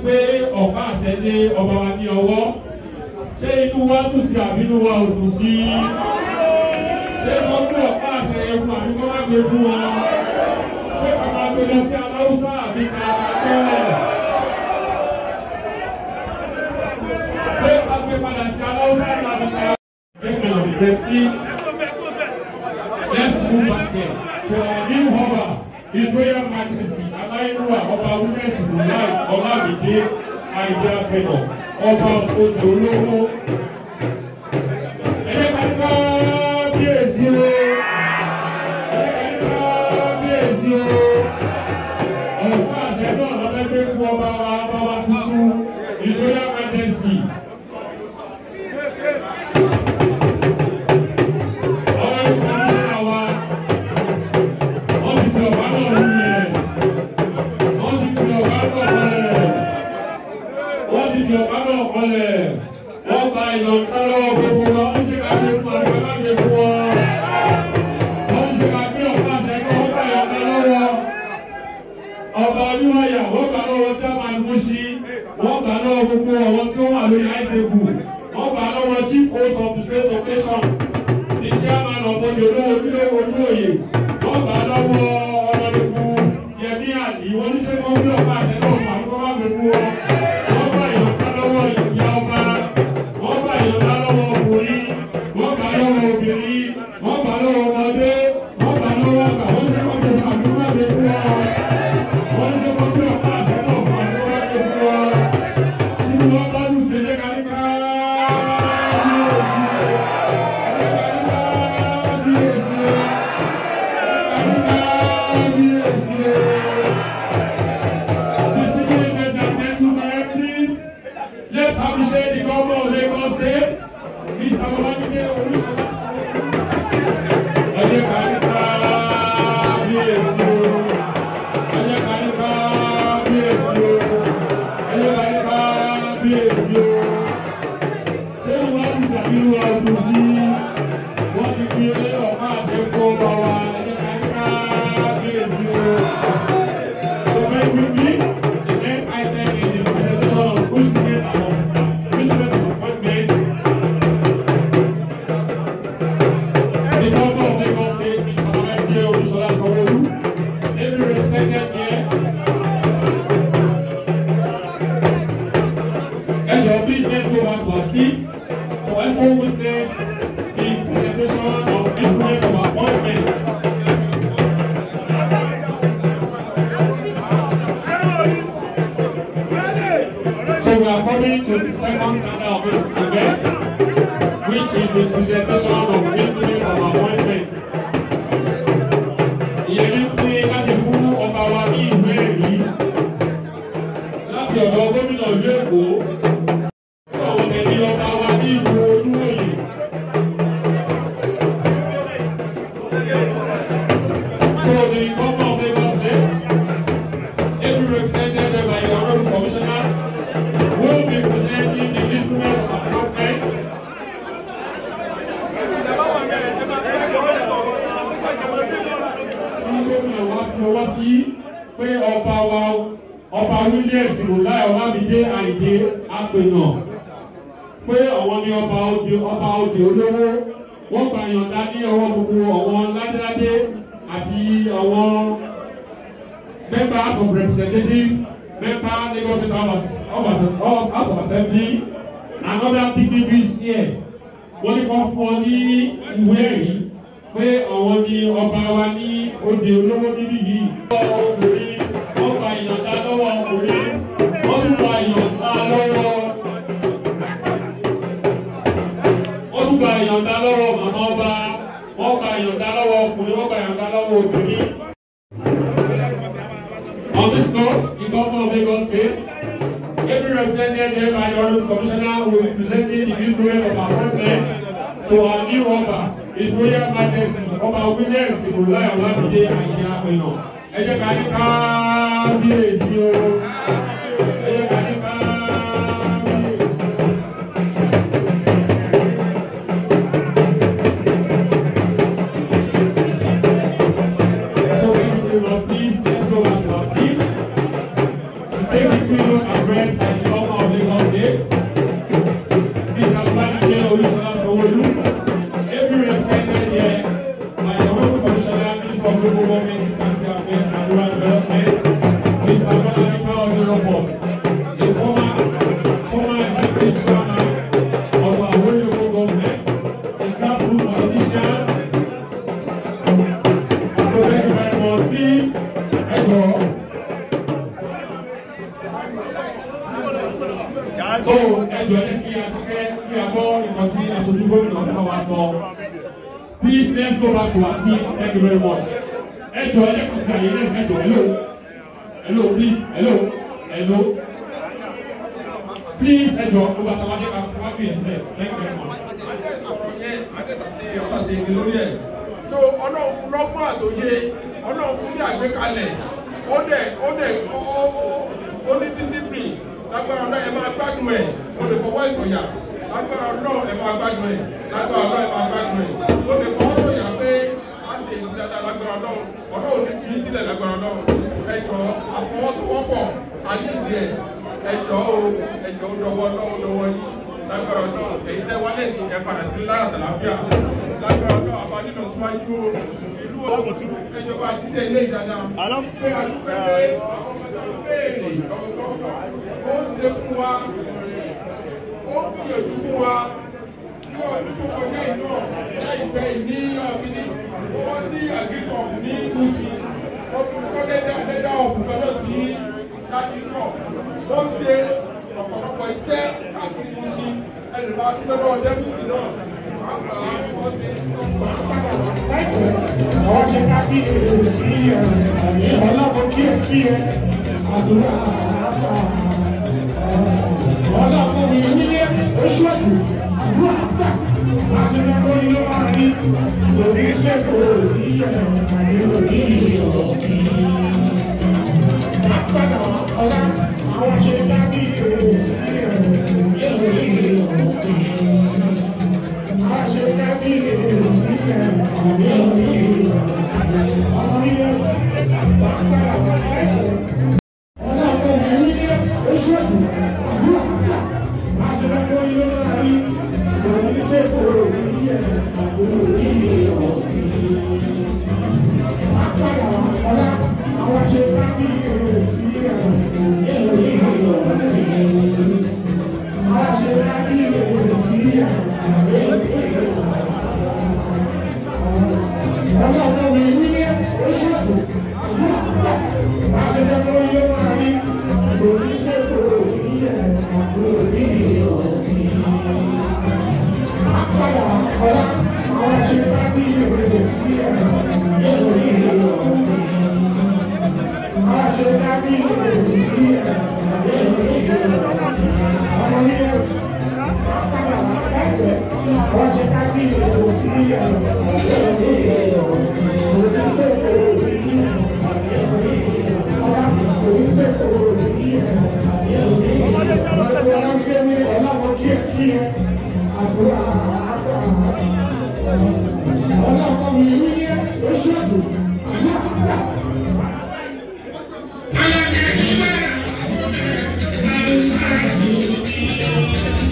gbé ọ̀pá àṣẹ lé ọba wa ní ọwọ́ ṣé inú wa dùn sí àbí inú wa ò dùn sí ṣé wọ́n gbé ọ̀pá àṣẹ yẹn fún àbí wọ́n má gbé fún wa ṣé bàbá gbé lọ sí aláwùsá àbí ká àtẹ́wọ̀ ṣé bàbá gbé padà sí aláwùsá àbí ká àtẹ́wọ̀ the peace let's move back there to our new harbor Israel majesty láìlúwà ọba wúlẹ̀sì láì ọlámìdé àìyáfẹ̀dọ̀ ọba odò olówó. ẹlẹ́kàdúrà bí èsì o ẹlẹ́kàdúrà bí èsì o ọ̀pọ̀ àṣẹ náà lọ́dẹ́gbẹ́ fún ọba wa ọba tuntun ìjọba àjẹsì. wọ́n gba ìlànà lọ́wọ́ gbogbo wa ó ṣe ká gbé fún àgbẹ̀ má gbé fún wa wọ́n ṣe ká gbé ọ̀pá sẹ́kọ̀ wọ́n gba ìlànà lọ́wọ́ ọba olúwayà wọ́n gba lọ́wọ́ german musi wọ́n gba lọ́wọ́ gbogbo àwọn tí wọ́n wà lórí àìsèkù wọ́n gba lọ́wọ́ chief host of the state of nation the chairman of Ondo Olówó Ojú Òye. seat to also witness presentation of instrument of appointment. So we are coming to the second standard of this event, which is the presentation of instrument of appointment. Ìyẹn pé láti fún ọba wa ní Williams Rùláì Ọlámídé Àyìndé Apènà pé àwọn ni ọba òde ọba òde olówó wọ́n gbà yọ̀ǹda ní ọwọ́ gbogbo àwọn ládéládé àti àwọn members of representative members Lagos State House of Assembly and other dignitaries here wọ́n ní kọ́ fún ọ ní ìwé ẹ̀rí pé àwọn ni ọba wa ní òde olówó níbí yìí. today by the Honourable Commissioner who is presenting the instrument of appointment to our new Ọba, His Royal Majesty of Ọba William Sibolaya Olamide Ayinde Apẹ̀nà. Ẹ jẹ́ ká ní káábíyèsí o. Please let's go back to our seats. Thank you very much. Ẹ jọ̀ọ́ ẹ kò fún àyè lẹ́nu ẹ jọ̀ọ́ hello hello please hello hello please Hello, jọ̀ọ́ gbogbo àtàwọn akẹ́kọ̀ọ́ fún wa bí ẹ̀sìn ẹ̀ thank you very much. So ọlọ́run fún lọ́gbọ́n àtòyé ọlọ́run fún ní àgbékalẹ̀ ó dẹ̀ ó dẹ̀ ó ní discipline lágbára ọlọ́run ẹ̀ máa gbádùn ẹ̀ ó lè fọwọ́ ìfọ̀yà lágbára ọlọ́run ẹ̀ máa gbádùn ẹ̀ lágbára ọlọ́run máa gbádùn ẹ̀ ó lè fọwọ́ sọ̀yà pé a ṣe ìlú dáadáa lágbára ọlọ́run ọlọ́run ní fi sílẹ̀ lágbára ọlọ́run ẹjọ́ àfọwọ́sowọ́pọ̀ àyèdè ẹjọ́ o ẹjọ́ o dọwọ́ ọlọ́run dọwọ́ yìí lágbára ọlọ́run èyí tẹ́ wálé ní ẹ padà sí láyàtọ̀ láfíà lágbára ọlọ́run àbá nílò síwájú ìlú ọ̀hún ẹjọba àti iṣẹ́ ilé ìdáná pé àdúgbò pé àwọn ọmọdé béèrè ọ̀gbọ̀n ó ń ṣe fún wa ó ń gbìyànjú fún wa agriculture ní gbogbo jẹ́ inú láìpẹ́ ní Por ese poquito, por ese poquito, Thank you.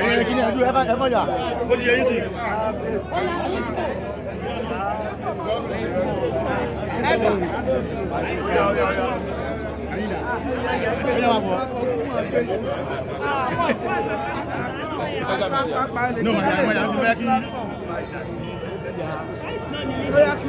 ẹ̀yìn ẹ̀kí ni ẹ̀dú ẹ̀fà ẹ̀fọ́jà ó ti yẹ yín sí. No, my my my back. Oya fi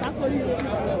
打火机。